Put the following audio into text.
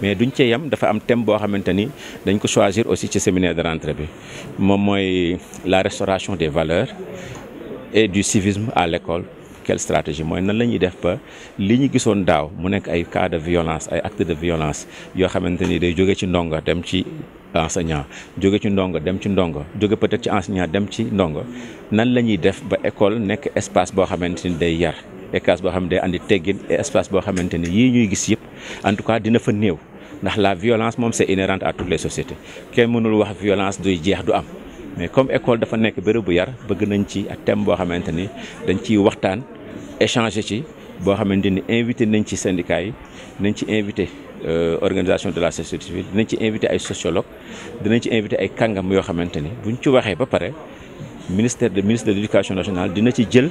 mais duñ cee yem dafa am thème bo xamanteni dañ ko choisir aussi ci séminaire de rentrée bi mom moy la restauration des valeurs et du civisme à l'école quelle stratégie moy nan lañuy def ba li ñu gisoon daaw mu nek ay cas de violence ay actes de violence yo xamanteni day jóge ci ndonga dem ci enseignant jóge ci ndonga dem ci ndonga jóge peut-être ci enseignant dem ci ndonga nan lañuy def ba école nek espace bo xamanteni day yar espace bo xam day andi teggin et espace bo xamanteni yi ñuy gis yépp en tout cas dina fa new ndax la violence moom c'est inhérente à toutes les sociétés kenn mënul wax violence du jeex du am mais comme école dafa nekk bërëb bu yar bëgg nañ ci ak thème boo xamante ni dañ ciy waxtaan échanger ci boo xamante ni invité nañ ci syndicat yi nañ ci invité euh, organisation de la société civile dinañ ci invité ay sociologues dinañ ci invité ay kàngam yoo xamante ni buñ ci waxee ba pare ministère de ministre de l'éducation nationale dina ci jël.